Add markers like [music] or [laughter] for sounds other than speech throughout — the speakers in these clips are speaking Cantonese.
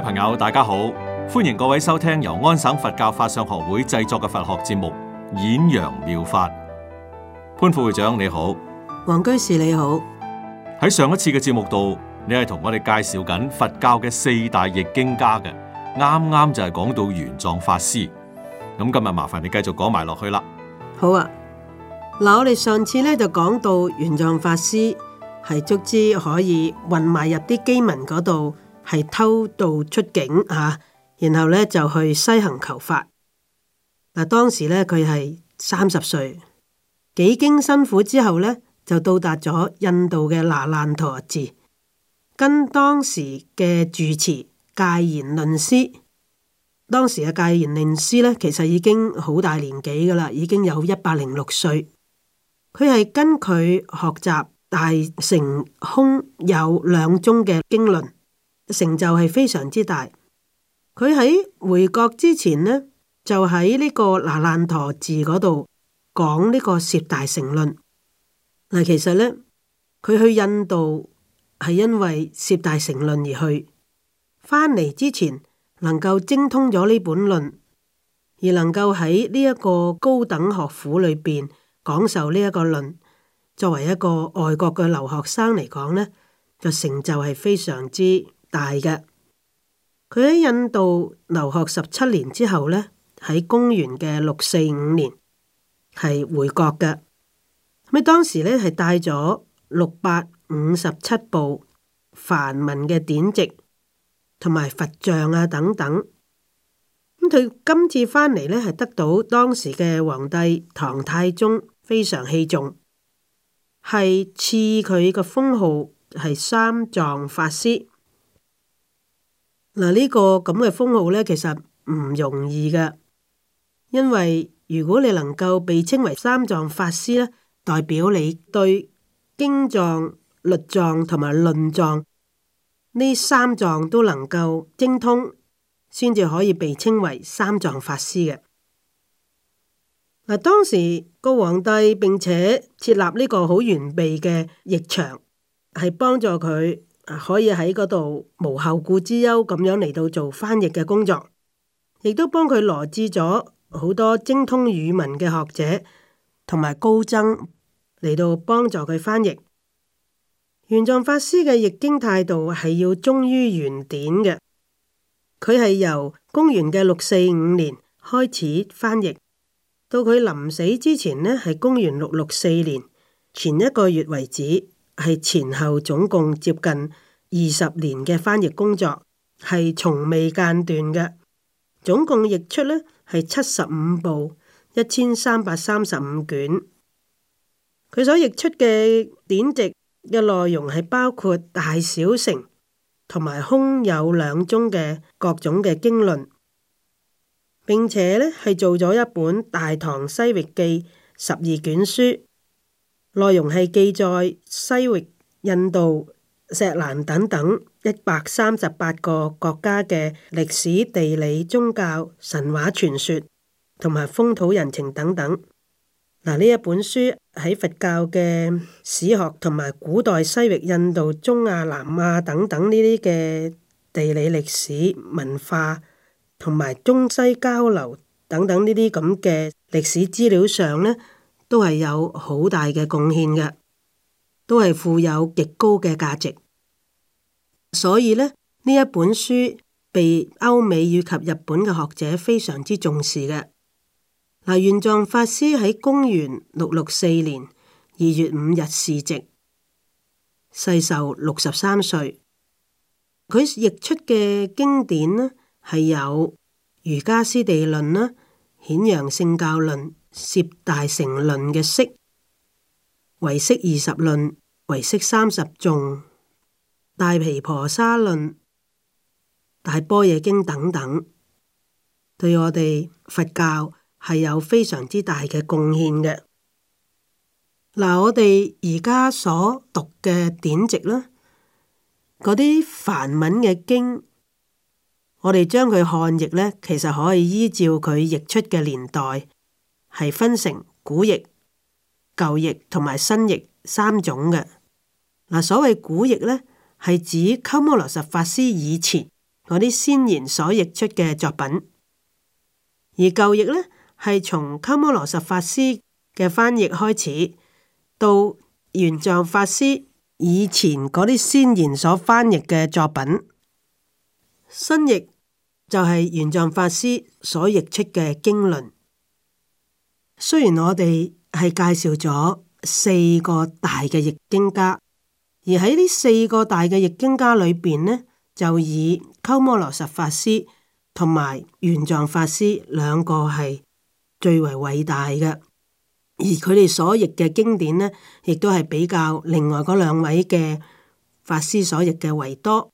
各位朋友，大家好，歡迎各位收聽由安省佛教法相學會製作嘅佛學節目《演揚妙法》。潘副會長你好，黃居士你好。喺上一次嘅節目度，你係同我哋介紹緊佛教嘅四大譯經家嘅，啱啱就係講到玄奘法師。咁今日麻煩你繼續講埋落去啦。好啊，嗱，我哋上次咧就講到玄奘法師係足之可以混埋入啲基民嗰度。係偷渡出境嚇，啊，然後咧就去西行求法。嗱，啊，當時咧佢係三十歲，幾經辛苦之後咧就到達咗印度嘅那蘭陀寺，跟當時嘅住持戒賢論師。當時嘅戒賢論師咧其實已經好大年紀㗎啦，已經有一百零六歲。佢係跟佢學習大乘空有兩宗嘅經論。成就係非常之大。佢喺回國之前呢，就喺呢個那爛陀寺嗰度講呢個《攝大乘論》。嗱，其實呢，佢去印度係因為《攝大乘論》而去。翻嚟之前能夠精通咗呢本論，而能夠喺呢一個高等學府裏邊講授呢一個論，作為一個外國嘅留學生嚟講呢，就成就係非常之。大嘅，佢喺印度留學十七年之後呢，喺公元嘅六四五年係回國嘅。咁啊，當時呢係帶咗六百五十七部梵文嘅典籍同埋佛像啊等等。咁佢今次翻嚟呢，係得到當時嘅皇帝唐太宗非常器重，係賜佢個封號係三藏法師。嗱，呢個咁嘅封號呢，其實唔容易嘅，因為如果你能夠被稱為三藏法師呢，代表你對經藏、律藏同埋論藏呢三藏都能夠精通，先至可以被稱為三藏法師嘅。嗱，當時個皇帝並且設立呢個好完備嘅譯場，係幫助佢。可以喺嗰度無後顧之憂咁樣嚟到做翻譯嘅工作，亦都幫佢羅致咗好多精通語文嘅學者同埋高僧嚟到幫助佢翻譯。玄奘法師嘅譯經態度係要忠於原典嘅，佢係由公元嘅六四五年開始翻譯，到佢臨死之前呢，係公元六六四年前一個月為止。係前後總共接近二十年嘅翻譯工作，係從未間斷嘅。總共譯出呢係七十五部，一千三百三十五卷。佢所譯出嘅典籍嘅內容係包括大小乘同埋空有兩宗嘅各種嘅經論，並且呢係做咗一本《大唐西域記》十二卷書。內容係記載西域、印度、錫蘭等等一百三十八個國家嘅歷史、地理、宗教、神話傳說同埋風土人情等等。嗱，呢一本書喺佛教嘅史學同埋古代西域、印度、中亞、南亞等等呢啲嘅地理、歷史、文化同埋中西交流等等呢啲咁嘅歷史資料上呢，都係有好大嘅貢獻嘅，都係富有極高嘅價值，所以呢，呢一本書被歐美以及日本嘅學者非常之重視嘅。嗱，玄奘法師喺公元六六四年二月五日逝世，世壽六十三歲。佢譯出嘅經典呢，係有《瑜伽師地論》啦，《顯揚聖教論》。攝大乘論嘅釋，唯識二十論，唯識三十頌，大毗婆沙論，大般若經等等，對我哋佛教係有非常之大嘅貢獻嘅。嗱，我哋而家所讀嘅典籍啦，嗰啲梵文嘅經，我哋將佢漢譯呢，其實可以依照佢譯出嘅年代，係分成古譯、舊譯同埋新譯三種嘅。嗱，所謂古譯呢，係指鳩摩羅什法師以前嗰啲先賢所譯出嘅作品；而舊譯呢，係從鳩摩羅什法師嘅翻譯開始，到玄奘法師以前嗰啲先賢所翻譯嘅作品；新譯就係玄奘法師所譯出嘅經論。雖然我哋係介紹咗四個大嘅譯經家，而喺呢四個大嘅譯經家裏邊呢，就以鳩摩羅什法師同埋玄奘法師兩個係最為偉大嘅，而佢哋所譯嘅經典呢，亦都係比較另外嗰兩位嘅法師所譯嘅為多。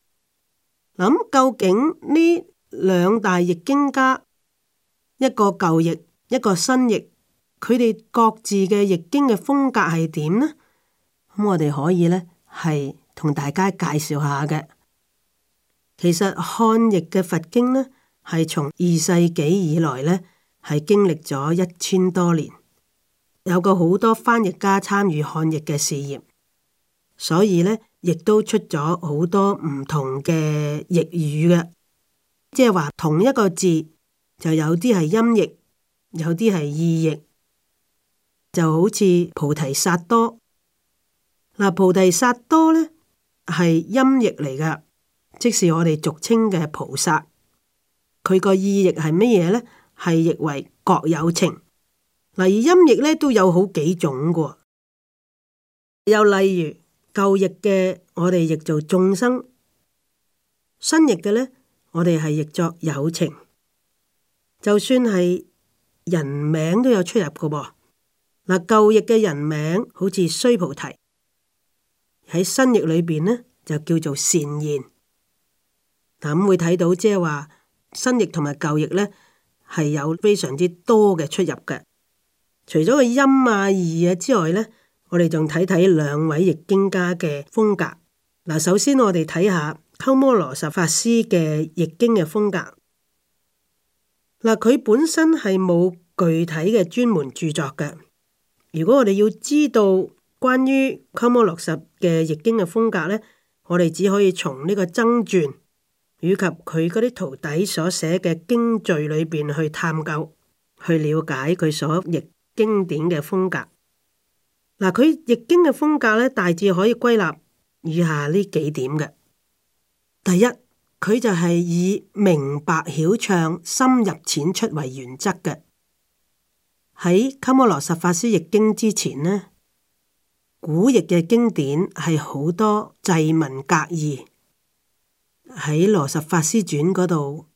嗱，咁究竟呢兩大譯經家，一個舊譯，一個新譯？佢哋各自嘅譯經嘅風格係點呢？咁我哋可以呢，係同大家介紹下嘅。其實漢譯嘅佛經呢係從二世紀以來呢，係經歷咗一千多年，有過好多翻譯家參與漢譯嘅事業，所以呢，亦都出咗好多唔同嘅譯語嘅，即係話同一個字就有啲係音譯，有啲係意譯。就好似菩提薩多嗱、啊，菩提薩多呢係音譯嚟噶，即是我哋俗稱嘅菩薩。佢個意譯係乜嘢呢？係譯為各有情。例如音譯呢都有好幾種噶，又例如舊譯嘅我哋譯做眾生，新譯嘅呢「我哋係譯作有情。就算係人名都有出入噶噃。嗱，舊譯嘅人名好似須菩提，喺新譯裏邊呢就叫做善言。嗱，咁會睇到，即係話新譯同埋舊譯呢係有非常之多嘅出入嘅。除咗個音啊、義啊之外呢，我哋仲睇睇兩位譯經家嘅風格。嗱，首先我哋睇下鳩摩羅什法師嘅譯經嘅風格。嗱，佢本身係冇具體嘅專門著作嘅。如果我哋要知道關於鳩摩羅什嘅譯經嘅風格呢，我哋只可以從呢個僧傳以及佢嗰啲徒弟所寫嘅經序裏邊去探究、去了解佢所譯經典嘅風格。嗱，佢譯經嘅風格咧，大致可以歸納以下呢幾點嘅。第一，佢就係以明白曉暢、深入淺出為原則嘅。喺《鳩摩羅什法師譯經》之前呢，古譯嘅經典係好多際文隔異。喺《羅什法師傳》嗰度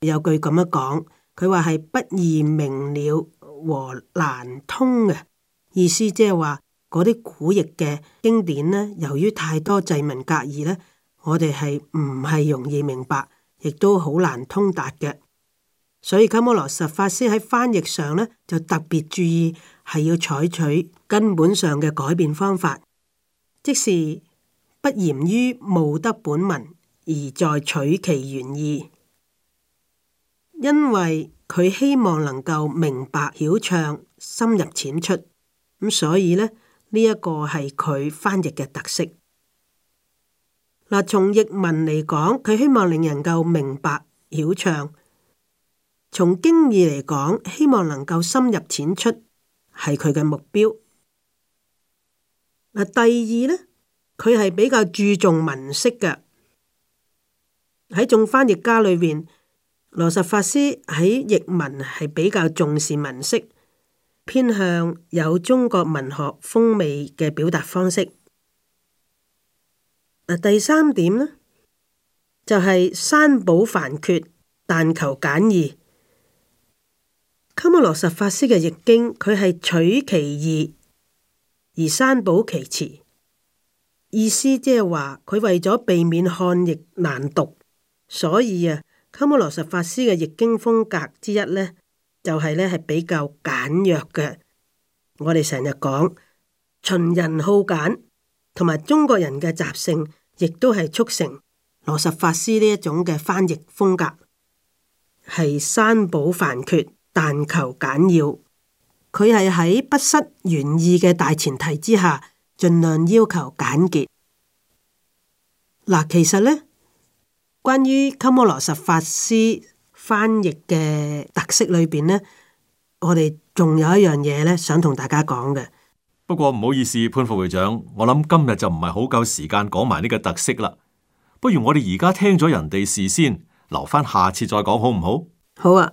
有句咁樣講，佢話係不易明了和難通嘅意思，即係話嗰啲古譯嘅經典呢，由於太多際文隔異呢，我哋係唔係容易明白，亦都好難通達嘅。所以，鳩摩羅什法師喺翻譯上呢，就特別注意，係要採取根本上嘅改變方法，即是不嚴於務得本文，而在取其原意。因為佢希望能夠明白曉暢、深入淺出，咁所以呢，呢、這、一個係佢翻譯嘅特色。嗱，從譯文嚟講，佢希望令人夠明白曉暢。從經義嚟講，希望能夠深入淺出，係佢嘅目標。第二呢，佢係比較注重文式嘅。喺眾翻譯家裏邊，羅什法師喺譯文係比較重視文式，偏向有中國文學風味嘅表達方式。第三點呢，就係刪補繁缺，但求簡易。鳩摩羅什法師嘅譯經》，佢係取其義而刪補其詞，意思即係話佢為咗避免漢譯難讀，所以啊，《鳩摩羅什法師嘅譯經》風格之一呢，就係、是、呢係比較簡約嘅。我哋成日講秦人好簡，同埋中國人嘅習性，亦都係促成羅什法師呢一種嘅翻譯風格係刪補繁缺。但求簡要，佢係喺不失原意嘅大前提之下，盡量要求簡潔。嗱，其實呢，關於鳩摩羅什法師翻譯嘅特色裏邊呢，我哋仲有一樣嘢呢想同大家講嘅。不過唔好意思，潘副會長，我諗今日就唔係好夠時間講埋呢個特色啦。不如我哋而家聽咗人哋事先，留返下次再講好唔好？好啊。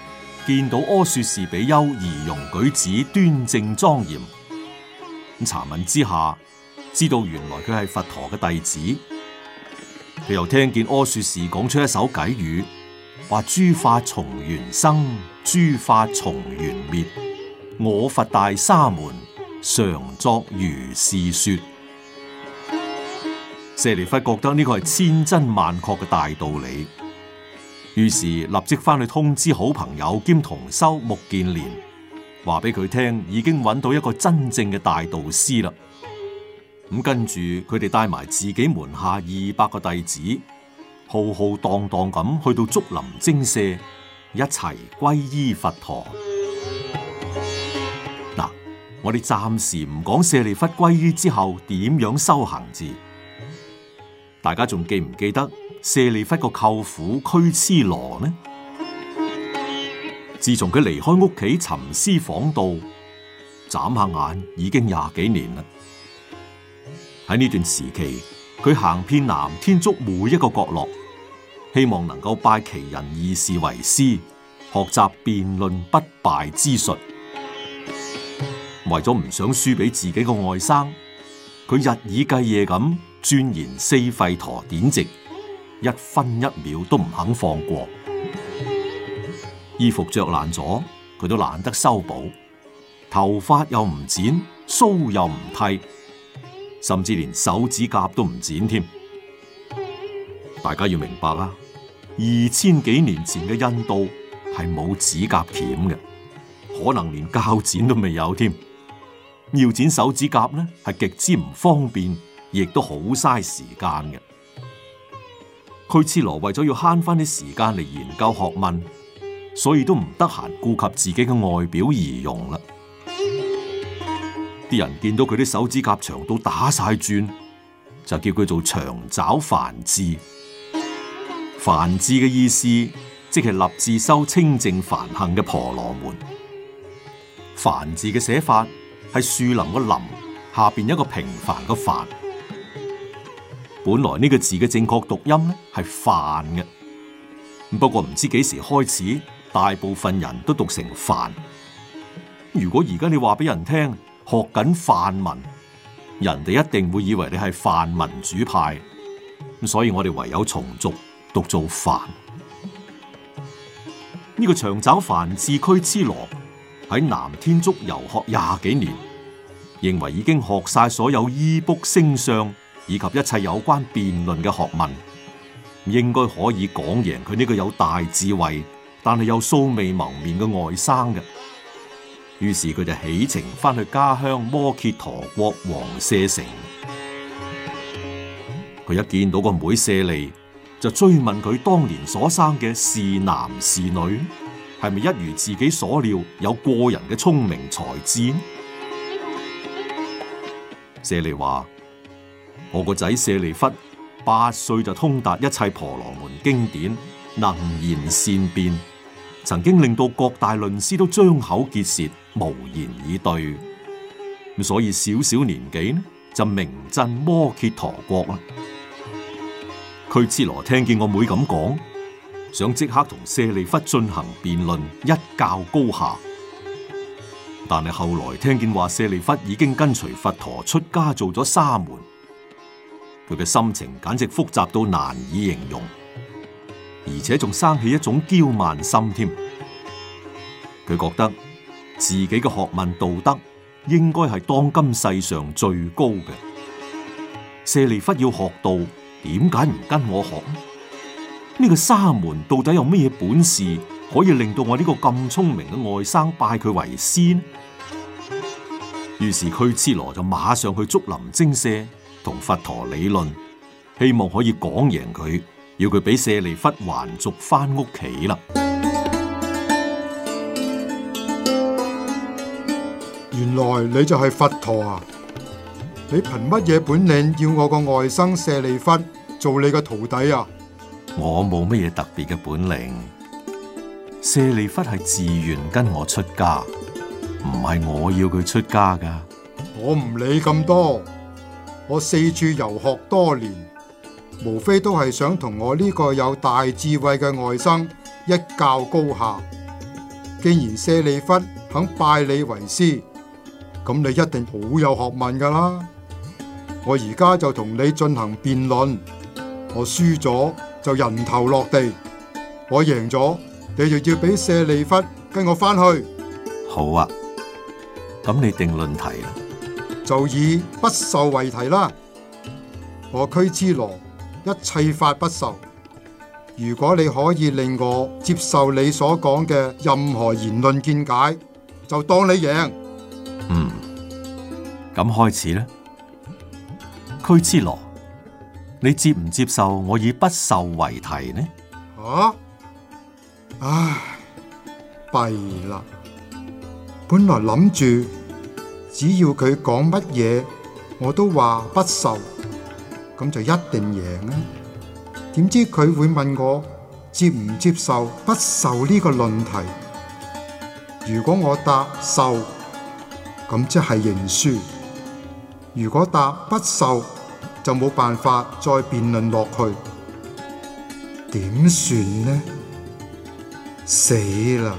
見到阿說示比丘儀容舉止端正莊嚴，咁查問之下，知道原來佢係佛陀嘅弟子。佢又聽見阿說示講出一首偈語，話諸法從緣生，諸法從緣滅，我佛大沙門常作如是說。舍利弗覺得呢個係千真萬確嘅大道理。於是立即翻去通知好朋友兼同修目犍連，話俾佢聽已經揾到一個真正嘅大導師啦。咁跟住佢哋帶埋自己門下二百個弟子，浩浩蕩蕩咁去到竹林精舍，一齊皈依佛陀。嗱，我哋暫時唔講舍利弗皈依之後點樣修行字，大家仲記唔記得？舍利弗個舅父俱絺羅呢，自從佢離開屋企尋師訪道，眨下眼已經廿幾年啦。喺呢段時期，佢行遍南天竺每一個角落，希望能夠拜奇人異士為師，學習辯論不敗之術。為咗唔想輸俾自己個外甥，佢日以繼夜咁鑽研四吠陀典籍。一分一秒都唔肯放過，衣服着爛咗佢都懶得修補，頭髮又唔剪，鬚又唔剃，甚至連手指甲都唔剪添。大家要明白啦，二千幾年前嘅印度係冇指甲鉗嘅，可能連鉸剪都未有添。要剪手指甲呢，係極之唔方便，亦都好嘥時間嘅。佢次羅為咗要慳翻啲時間嚟研究學問，所以都唔得閒顧及自己嘅外表儀容啦。啲人見到佢啲手指甲長到打晒轉，就叫佢做長爪梵志。梵志嘅意思即係立志修清淨梵行嘅婆羅門。梵字嘅寫法係樹林個林下邊一個平凡嘅凡。本來呢個字嘅正確讀音係「范」嘅，不過唔知幾時開始，大部分人都讀成「泛」。如果而家你話俾人聽學緊梵文，人哋一定會以為你係泛民主派，所以我哋唯有從俗讀做「泛」這。呢個長爪「梵志區之羅喺南天竺遊學廿幾年，認為已經學晒所有醫卜星相，以及一切有關辯論嘅學問，應該可以講贏佢呢個有大智慧，但係又素未謀面嘅外甥嘅。於是佢就起程翻去家鄉摩羯陀國王舍城。佢一見到個妹妹舍利，就追問佢當年所生嘅是男是女，係咪一如自己所料，有過人嘅聰明才智？舍利話。我個仔舍利弗八歲就通達一切婆羅門經典，能言善辯，曾經令到各大論師都張口結舌，無言以對。所以小小年紀呢就名震摩羯陀國啦。俱絺羅聽見我妹咁講，想即刻同舍利弗進行辯論，一較高下。但係後來聽見話舍利弗已經跟隨佛陀出家做咗沙門。佢嘅心情簡直複雜到難以形容，而且仲生起一種驕慢心添。佢覺得自己嘅學問道德應該係當今世上最高嘅。舍利弗要學道，點解唔跟我學呢？呢、呢個沙門到底有咩本事，可以令到我呢個咁聰明嘅外甥拜佢為師？呢？於是俱絺羅就馬上去竹林精舍。同佛陀理論，希望可以講贏佢，要佢俾舍利弗還俗返屋企啦。原來你就係佛陀啊？你憑乜嘢本領，要我個外甥舍利弗做你個徒弟啊？我冇乜嘢特別嘅本領，舍利弗係自願跟我出家，唔係我要佢出家㗎。我唔理咁多。我四處遊學多年，無非都係想同我呢個有大智慧嘅外甥一較高下。既然舍利弗肯拜你為師，咁你一定好有學問㗎啦。我而家就同你進行辯論，我輸咗就人頭落地，我贏咗你就要俾舍利弗跟我返去。好啊，咁你定論題啦。就以不受為題啦，我驅之羅一切法不受。如果你可以令我接受你所講嘅任何言論見解，就當你贏。嗯，咁開始咧，驅之羅，你接唔接受我以不受為題呢？啊，唉，弊啦，本來諗住。只要佢講乜嘢，我都話不受，咁就一定贏呢。點知佢會問我接唔接受不受呢個論題？如果我答受，咁即係認輸；如果答不受，就冇辦法再辯論落去。點算呢？死啦！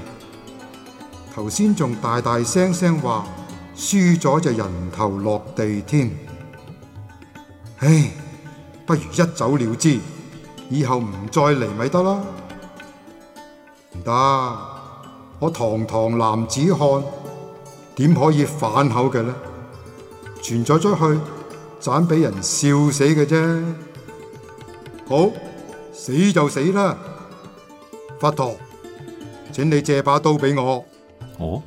頭先仲大大聲聲話。輸咗就人頭落地添，唉，不如一走了之，以後唔再嚟咪得啦。唔得，我堂堂男子漢，點可以反口嘅咧？傳咗出去，盞俾人笑死嘅啫。好，死就死啦。佛陀，請你借把刀俾我。我、哦。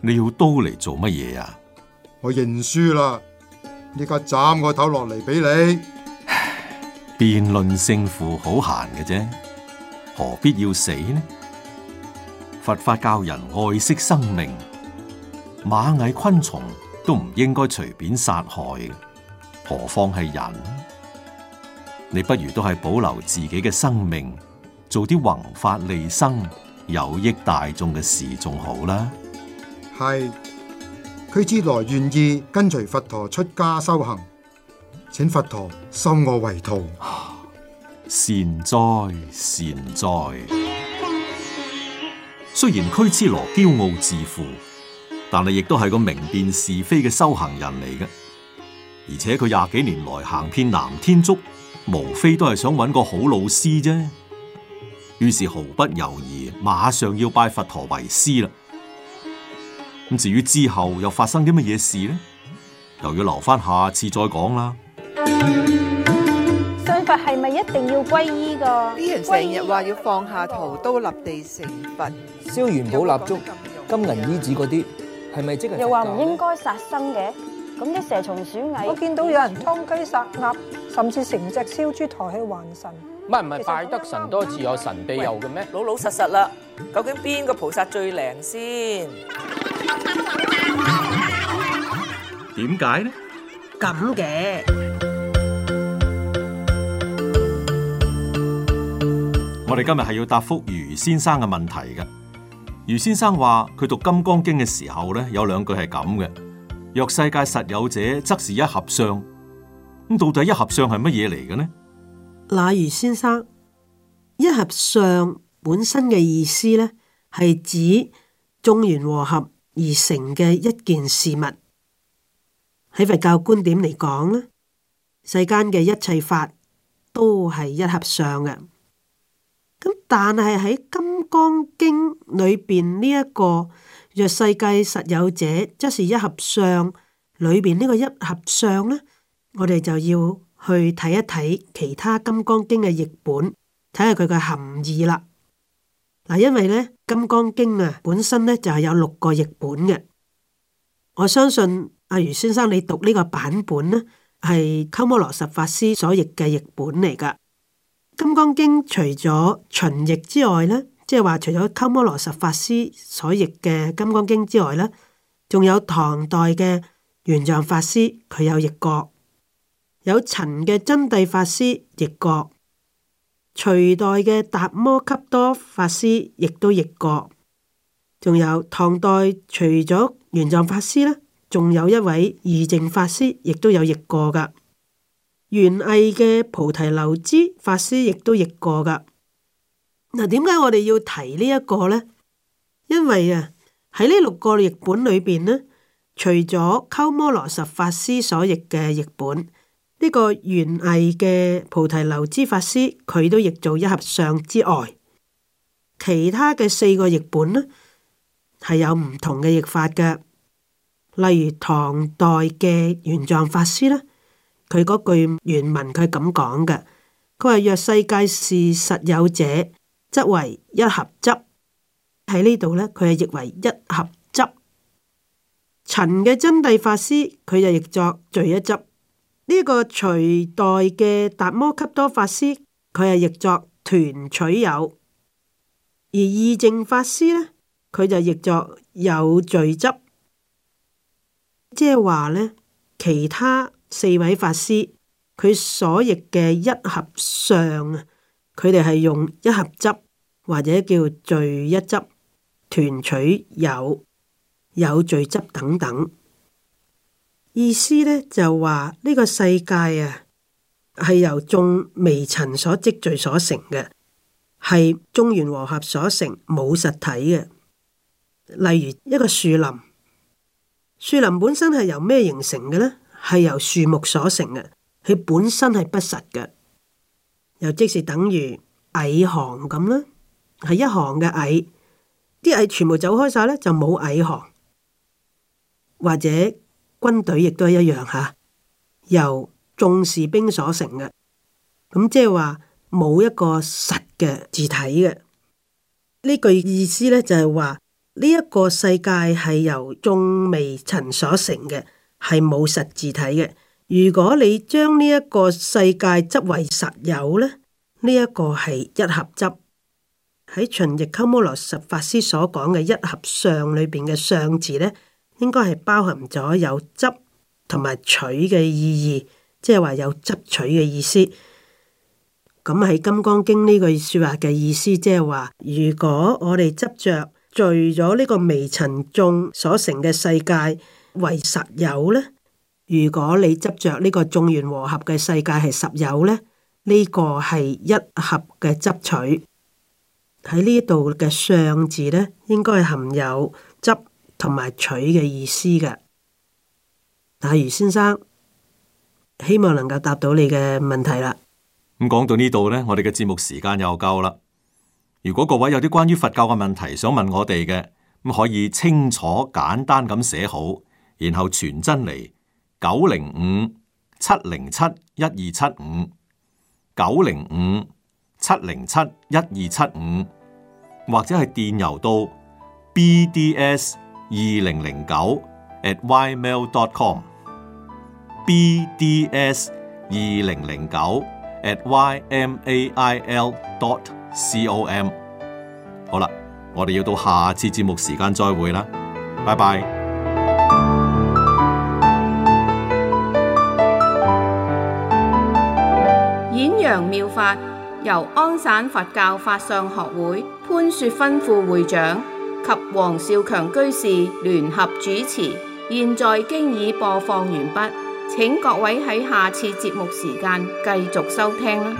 你要刀嚟做乜嘢啊？我認輸啦！而家斬個頭落嚟俾你。辯論勝負好閒嘅啫，何必要死呢？佛法教人愛惜生命，螞蟻、昆蟲都唔應該隨便殺害，何況係人？你不如都係保留自己嘅生命，做啲宏法利生、有益大眾嘅事仲好啦。係，拘絺羅願意跟隨佛陀出家修行，請佛陀收我為徒。善哉善哉。雖然拘絺羅驕傲自負，但係亦都係個明辨是非嘅修行人嚟嘅。而且佢廿幾年來行遍南天竺，無非都係想揾個好老師啫。於是毫不猶豫，馬上要拜佛陀為師啦。咁至於之後又發生啲乜嘢事呢？又要留翻下，下次再講啦。信佛係咪一定要皈依噶？啲人成日話要放下屠刀立地成佛，燒元寶蠟燭、金銀衣紙嗰啲，係咪，嗯、即係？又話唔應該殺生嘅，咁啲蛇蟲鼠蟻，我見到有人湯雞殺鴨，甚至成隻燒豬抬去還神。唔係唔係，拜得神多自有神庇佑嘅咩？老老實實啦，究竟邊個菩薩最靈先？點解 [music] 呢？咁嘅，我哋今日係要答覆余先生嘅問題嘅。余先生話佢讀《金剛經》嘅時候呢，有兩句係咁嘅：若世界實有者，則是一合相。咁到底一合相係乜嘢嚟嘅呢？那余先生，一合相本身嘅意思呢，係指眾緣和合。而成嘅一件事物，喺佛教觀點嚟講呢，世間嘅一切法都係一合相嘅。咁但係喺《金剛經》裏邊呢一個若世界實有者，即是一合相裏邊呢個一合相呢，我哋就要去睇一睇其他《金剛經》嘅譯本，睇下佢嘅含義啦。嗱，因為咧《金剛經》啊本身咧就係有六個譯本嘅，我相信阿余先生你讀呢個版本咧係鳩摩羅什法師所譯嘅譯本嚟噶。《金剛經》除咗秦譯之外咧，即係話除咗鳩摩羅什法師所譯嘅《金剛經》之外咧，仲有唐代嘅玄奘法師佢有譯過，有陳嘅真諦法師譯過。隋代嘅達摩笈多法師亦都譯過，仲有唐代除咗玄奘法師呢，仲有一位義淨法師亦都有譯過噶。元魏嘅菩提留支法師亦都譯過噶。嗱，點解我哋要提呢一個呢？因為啊，喺呢六個譯本裏邊呢，除咗鳩摩羅什法師所譯嘅譯本。呢個元魏嘅菩提流支法師，佢都譯做一合相之外，其他嘅四個譯本呢，係有唔同嘅譯法嘅。例如唐代嘅玄奘法師咧，佢嗰句原文佢咁講嘅，佢話若世界是實有者，則為一合執。喺呢度呢，佢係譯為一合執。陳嘅真諦法師，佢就譯作聚一執。呢一個隋代嘅達摩笈多法師，佢係譯作團取有；而義淨法師呢，佢就譯作有聚執。即係話呢，其他四位法師佢所譯嘅一合相，佢哋係用一合執或者叫聚一執、團取有、有聚執等等。意思咧就話呢、這個世界啊，係由眾微塵所積聚所成嘅，係中原和合所成，冇實體嘅。例如一個樹林，樹林本身係由咩形成嘅呢？係由樹木所成嘅，佢本身係不實嘅，又即是等於蟻行咁啦，係一行嘅蟻，啲蟻全部走開晒咧，就冇蟻行，或者。軍隊亦都係一樣吓，由眾士兵所成嘅，咁即係話冇一個實嘅字體嘅。呢句意思咧就係話呢，一個世界係由眾微塵所成嘅，係冇實字體嘅。如果你將呢一個世界執為實有咧，呢、這、一個係一合執。喺秦易鳩摩羅什法師所講嘅一合相裏邊嘅相字咧。應該係包含咗有執同埋取嘅意義，即係話有執取嘅意思。咁喺《金剛經》呢句説話嘅意思，即係話，如果我哋執着，聚咗呢個微塵眾所成嘅世界為實有呢？如果你執着呢個眾緣和合嘅世界係實有呢，呢、這個係一合嘅執取。喺呢度嘅「相」字呢，應該係含有執。同埋取嘅意思嘅，但係余先生希望能夠答到你嘅問題啦。咁講到呢度呢，我哋嘅節目時間又夠啦。如果各位有啲關於佛教嘅問題想問我哋嘅，咁可以清楚簡單咁寫好，然後傳真嚟九零五七零七一二七五九零五七零七一二七五，75, 75, 或者係電郵到 BDS。二零零九 at ymail dot com BDS 二零零九 at ymail dot com 好啦，我哋要到下次節目時間再會啦，拜拜。演揚妙法由安省佛教法相學會潘雪芬副會長，及王少強居士聯合主持，現在經已播放完畢，請各位喺下次節目時間繼續收聽。